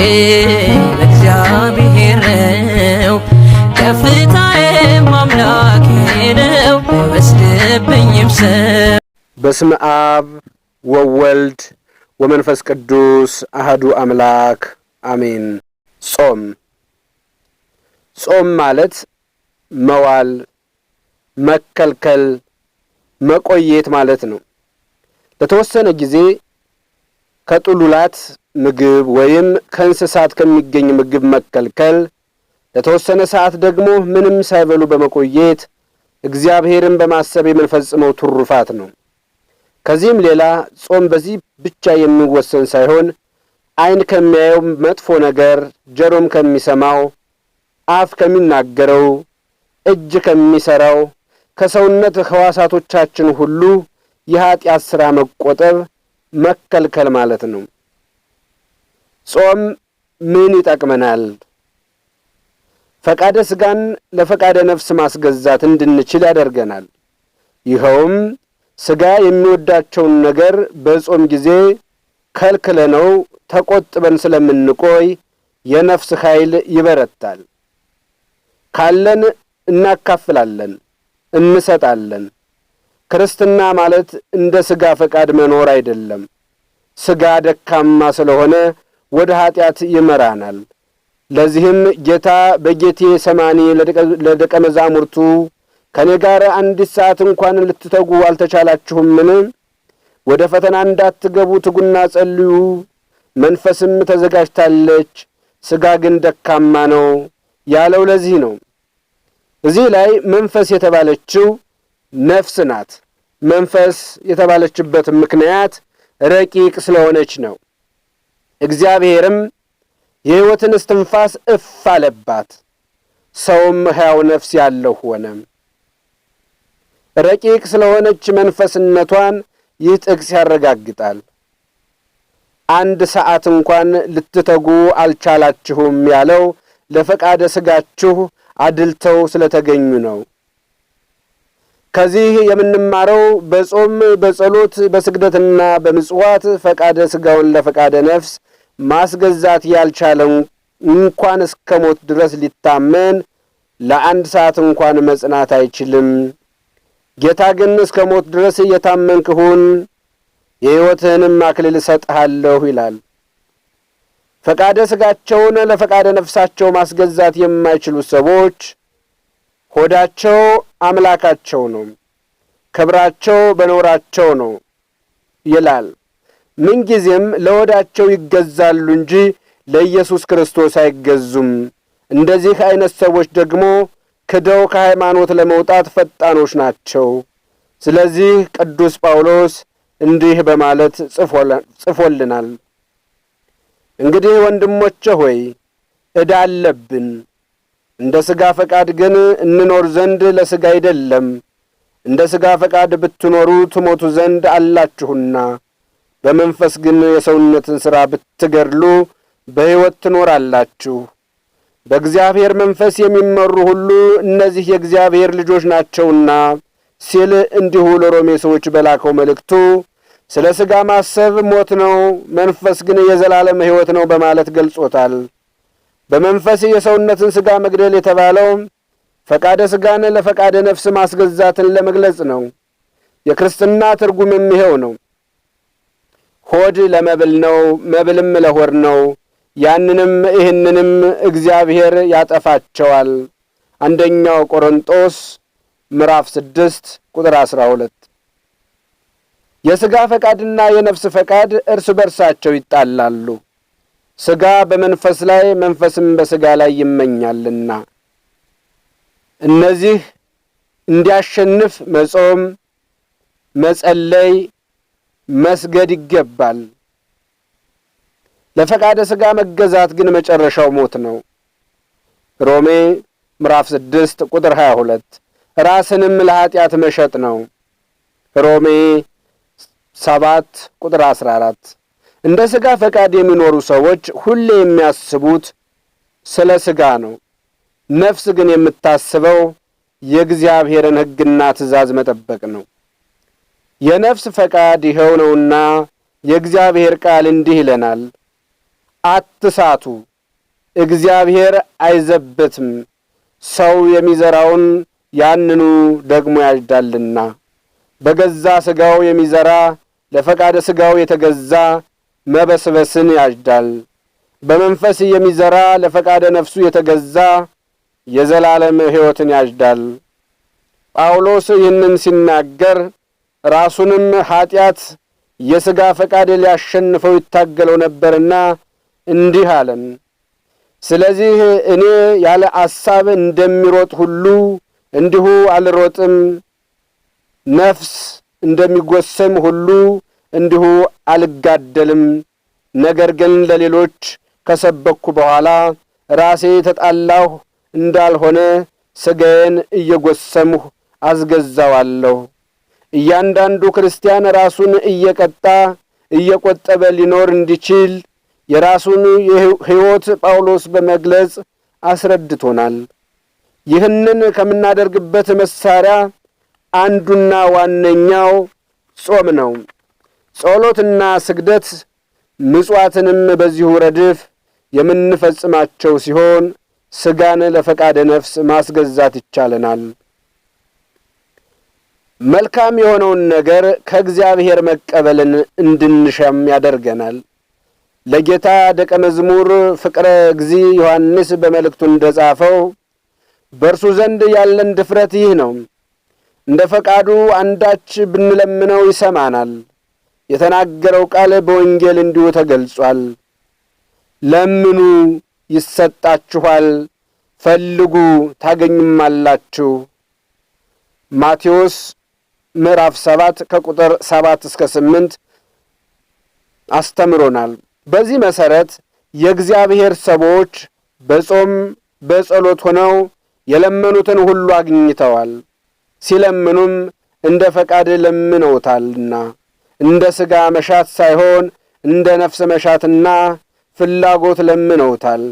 ለእግዚአብሔር ነው ከፍታዬም አምላኬ ነው አይወስድብኝም ሰው። በስመ አብ ወወልድ ወመንፈስ ቅዱስ አህዱ አምላክ አሜን። ጾም ጾም ማለት መዋል፣ መከልከል፣ መቆየት ማለት ነው። ለተወሰነ ጊዜ ከጥሉላት ምግብ ወይም ከእንስሳት ከሚገኝ ምግብ መከልከል፣ ለተወሰነ ሰዓት ደግሞ ምንም ሳይበሉ በመቆየት እግዚአብሔርን በማሰብ የምንፈጽመው ትሩፋት ነው። ከዚህም ሌላ ጾም በዚህ ብቻ የሚወሰን ሳይሆን ዓይን ከሚያየው መጥፎ ነገር፣ ጀሮም ከሚሰማው፣ አፍ ከሚናገረው፣ እጅ ከሚሠራው፣ ከሰውነት ሕዋሳቶቻችን ሁሉ የኀጢአት ሥራ መቆጠብ መከልከል ማለት ነው። ጾም ምን ይጠቅመናል? ፈቃደ ሥጋን ለፈቃደ ነፍስ ማስገዛት እንድንችል ያደርገናል። ይኸውም ሥጋ የሚወዳቸውን ነገር በጾም ጊዜ ከልክለነው ተቆጥበን ስለምንቆይ የነፍስ ኃይል ይበረታል። ካለን እናካፍላለን፣ እንሰጣለን። ክርስትና ማለት እንደ ሥጋ ፈቃድ መኖር አይደለም። ሥጋ ደካማ ስለሆነ ወደ ኃጢአት ይመራናል። ለዚህም ጌታ በጌቴ ሰማኒ ለደቀ መዛሙርቱ ከእኔ ጋር አንዲት ሰዓት እንኳን ልትተጉ አልተቻላችሁምን? ወደ ፈተና እንዳትገቡ ትጉና ጸልዩ። መንፈስም ተዘጋጅታለች፣ ሥጋ ግን ደካማ ነው ያለው ለዚህ ነው። እዚህ ላይ መንፈስ የተባለችው ነፍስ ናት። መንፈስ የተባለችበት ምክንያት ረቂቅ ስለሆነች ነው። እግዚአብሔርም የሕይወትን እስትንፋስ እፍ አለባት፣ ሰውም ሕያው ነፍስ ያለው ሆነ። ረቂቅ ስለሆነች መንፈስነቷን ይህ ጥቅስ ያረጋግጣል። አንድ ሰዓት እንኳን ልትተጉ አልቻላችሁም ያለው ለፈቃደ ሥጋችሁ አድልተው ስለተገኙ ነው። ከዚህ የምንማረው በጾም በጸሎት በስግደትና በምጽዋት ፈቃደ ሥጋውን ለፈቃደ ነፍስ ማስገዛት ያልቻለን እንኳን እስከ ሞት ድረስ ሊታመን ለአንድ ሰዓት እንኳን መጽናት አይችልም። ጌታ ግን እስከ ሞት ድረስ እየታመን ሁን፣ የሕይወትህንም አክሊል እሰጥሃለሁ ይላል። ፈቃደ ሥጋቸውን ለፈቃደ ነፍሳቸው ማስገዛት የማይችሉ ሰዎች ሆዳቸው አምላካቸው ነው፣ ክብራቸው በኖራቸው ነው ይላል። ምንጊዜም ለሆዳቸው ይገዛሉ እንጂ ለኢየሱስ ክርስቶስ አይገዙም። እንደዚህ አይነት ሰዎች ደግሞ ክደው ከሃይማኖት ለመውጣት ፈጣኖች ናቸው። ስለዚህ ቅዱስ ጳውሎስ እንዲህ በማለት ጽፎልናል። እንግዲህ ወንድሞቼ ሆይ ዕዳ አለብን። እንደ ሥጋ ፈቃድ ግን እንኖር ዘንድ ለሥጋ አይደለም፣ እንደ ሥጋ ፈቃድ ብትኖሩ ትሞቱ ዘንድ አላችሁና፣ በመንፈስ ግን የሰውነትን ሥራ ብትገድሉ በሕይወት ትኖራላችሁ። በእግዚአብሔር መንፈስ የሚመሩ ሁሉ እነዚህ የእግዚአብሔር ልጆች ናቸውና ሲል እንዲሁ ለሮሜ ሰዎች በላከው መልእክቱ ስለ ሥጋ ማሰብ ሞት ነው፣ መንፈስ ግን የዘላለም ሕይወት ነው በማለት ገልጾታል። በመንፈስ የሰውነትን ሥጋ መግደል የተባለው ፈቃደ ሥጋን ለፈቃደ ነፍስ ማስገዛትን ለመግለጽ ነው። የክርስትና ትርጉም የሚሄው ነው። ሆድ ለመብል ነው፣ መብልም ለሆድ ነው። ያንንም ይህንንም እግዚአብሔር ያጠፋቸዋል። አንደኛው ቆሮንጦስ ምዕራፍ ስድስት ቁጥር አስራ ሁለት የሥጋ ፈቃድና የነፍስ ፈቃድ እርስ በርሳቸው ይጣላሉ። ሥጋ በመንፈስ ላይ መንፈስም በሥጋ ላይ ይመኛልና እነዚህ እንዲያሸንፍ መጾም፣ መጸለይ፣ መስገድ ይገባል። ለፈቃደ ሥጋ መገዛት ግን መጨረሻው ሞት ነው። ሮሜ ምዕራፍ ስድስት ቁጥር ሀያ ሁለት ራስንም ለኀጢአት መሸጥ ነው። ሮሜ ሰባት ቁጥር አስራ አራት እንደ ሥጋ ፈቃድ የሚኖሩ ሰዎች ሁሌ የሚያስቡት ስለ ሥጋ ነው። ነፍስ ግን የምታስበው የእግዚአብሔርን ሕግና ትእዛዝ መጠበቅ ነው። የነፍስ ፈቃድ ይኸው ነውና የእግዚአብሔር ቃል እንዲህ ይለናል፣ አትሳቱ፣ እግዚአብሔር አይዘበትም፣ ሰው የሚዘራውን ያንኑ ደግሞ ያጭዳልና። በገዛ ሥጋው የሚዘራ ለፈቃደ ሥጋው የተገዛ መበስበስን ያጅዳል። በመንፈስ የሚዘራ ለፈቃደ ነፍሱ የተገዛ የዘላለም ሕይወትን ያጅዳል። ጳውሎስ ይህንን ሲናገር ራሱንም ኀጢአት የሥጋ ፈቃድ ሊያሸንፈው ይታገለው ነበርና እንዲህ አለን። ስለዚህ እኔ ያለ አሳብ እንደሚሮጥ ሁሉ እንዲሁ አልሮጥም፣ ነፍስ እንደሚጎሰም ሁሉ እንዲሁ አልጋደልም። ነገር ግን ለሌሎች ከሰበኩ በኋላ ራሴ ተጣላሁ እንዳልሆነ ሥጋዬን እየጐሰምሁ አስገዛዋለሁ። እያንዳንዱ ክርስቲያን ራሱን እየቀጣ እየቈጠበ ሊኖር እንዲችል የራሱን ሕይወት ጳውሎስ በመግለጽ አስረድቶናል። ይህንን ከምናደርግበት መሳሪያ አንዱና ዋነኛው ጾም ነው። ጸሎትና ስግደት ምጽዋትንም በዚሁ ረድፍ የምንፈጽማቸው ሲሆን ስጋን ለፈቃደ ነፍስ ማስገዛት ይቻለናል። መልካም የሆነውን ነገር ከእግዚአብሔር መቀበልን እንድንሻም ያደርገናል። ለጌታ ደቀ መዝሙር ፍቅረ እግዚ ዮሐንስ በመልእክቱ እንደ ጻፈው በእርሱ ዘንድ ያለን ድፍረት ይህ ነው፣ እንደ ፈቃዱ አንዳች ብንለምነው ይሰማናል። የተናገረው ቃል በወንጌል እንዲሁ ተገልጿል። ለምኑ ይሰጣችኋል፣ ፈልጉ ታገኙማላችሁ። ማቴዎስ ምዕራፍ ሰባት ከቁጥር ሰባት እስከ ስምንት አስተምሮናል። በዚህ መሠረት የእግዚአብሔር ሰዎች በጾም በጸሎት ሆነው የለመኑትን ሁሉ አግኝተዋል። ሲለምኑም እንደ ፈቃድ ለምነውታልና እንደ ሥጋ መሻት ሳይሆን እንደ ነፍስ መሻትና ፍላጎት ለምነውታል።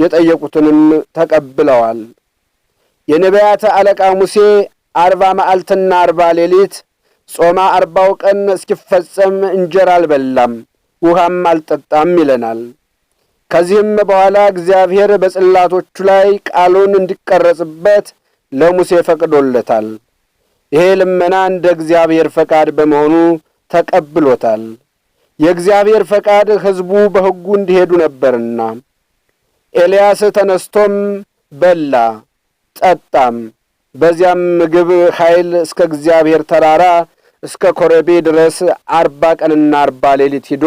የጠየቁትንም ተቀብለዋል። የነቢያት አለቃ ሙሴ አርባ መዓልትና አርባ ሌሊት ጾማ አርባው ቀን እስኪፈጸም እንጀራ አልበላም ውሃም አልጠጣም ይለናል። ከዚህም በኋላ እግዚአብሔር በጽላቶቹ ላይ ቃሉን እንዲቀረጽበት ለሙሴ ፈቅዶለታል። ይሄ ልመና እንደ እግዚአብሔር ፈቃድ በመሆኑ ተቀብሎታል። የእግዚአብሔር ፈቃድ ሕዝቡ በሕጉ እንዲሄዱ ነበርና። ኤልያስ ተነስቶም በላ ጠጣም። በዚያም ምግብ ኃይል እስከ እግዚአብሔር ተራራ እስከ ኮረቤ ድረስ አርባ ቀንና አርባ ሌሊት ሂዶ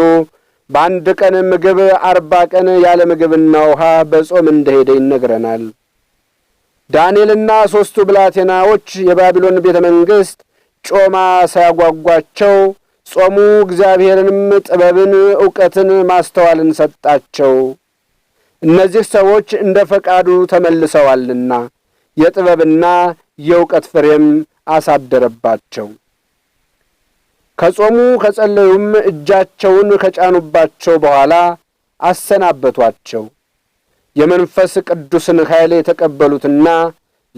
በአንድ ቀን ምግብ አርባ ቀን ያለ ምግብና ውሃ በጾም እንደሄደ ይነግረናል። ዳንኤልና ሦስቱ ብላቴናዎች የባቢሎን ቤተ መንግሥት ጮማ ሳያጓጓቸው ጾሙ እግዚአብሔርንም ጥበብን ዕውቀትን ማስተዋልን ሰጣቸው። እነዚህ ሰዎች እንደ ፈቃዱ ተመልሰዋልና የጥበብና የእውቀት ፍሬም አሳደረባቸው። ከጾሙ ከጸለዩም እጃቸውን ከጫኑባቸው በኋላ አሰናበቷቸው። የመንፈስ ቅዱስን ኃይል የተቀበሉትና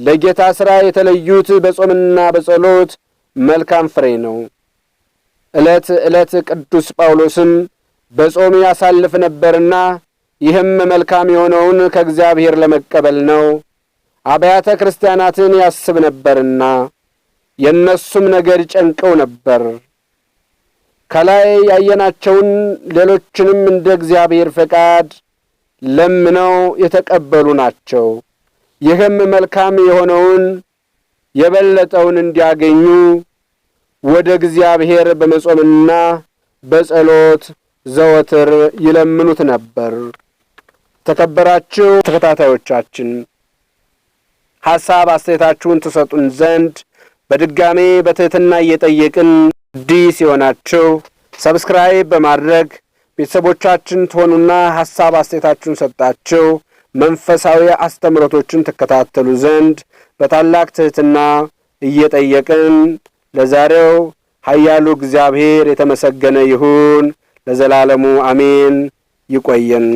ለጌታ ሥራ የተለዩት በጾምና በጸሎት መልካም ፍሬ ነው። ዕለት ዕለት ቅዱስ ጳውሎስም በጾም ያሳልፍ ነበርና ይህም መልካም የሆነውን ከእግዚአብሔር ለመቀበል ነው። አብያተ ክርስቲያናትን ያስብ ነበርና የእነሱም ነገር ጨንቀው ነበር። ከላይ ያየናቸውን ሌሎችንም እንደ እግዚአብሔር ፈቃድ ለምነው የተቀበሉ ናቸው። ይህም መልካም የሆነውን የበለጠውን እንዲያገኙ ወደ እግዚአብሔር በመጾምና በጸሎት ዘወትር ይለምኑት ነበር። ተከበራችሁ ተከታታዮቻችን ሐሳብ አስተያየታችሁን ትሰጡን ዘንድ በድጋሜ በትህትና እየጠየቅን አዲስ የሆናችሁ ሰብስክራይብ በማድረግ ቤተሰቦቻችን ትሆኑና ሐሳብ አስተያየታችሁን ሰጣችሁ መንፈሳዊ አስተምሮቶችን ትከታተሉ ዘንድ በታላቅ ትህትና እየጠየቅን ለዛሬው ኃያሉ እግዚአብሔር የተመሰገነ ይሁን ለዘላለሙ አሜን። ይቆየን።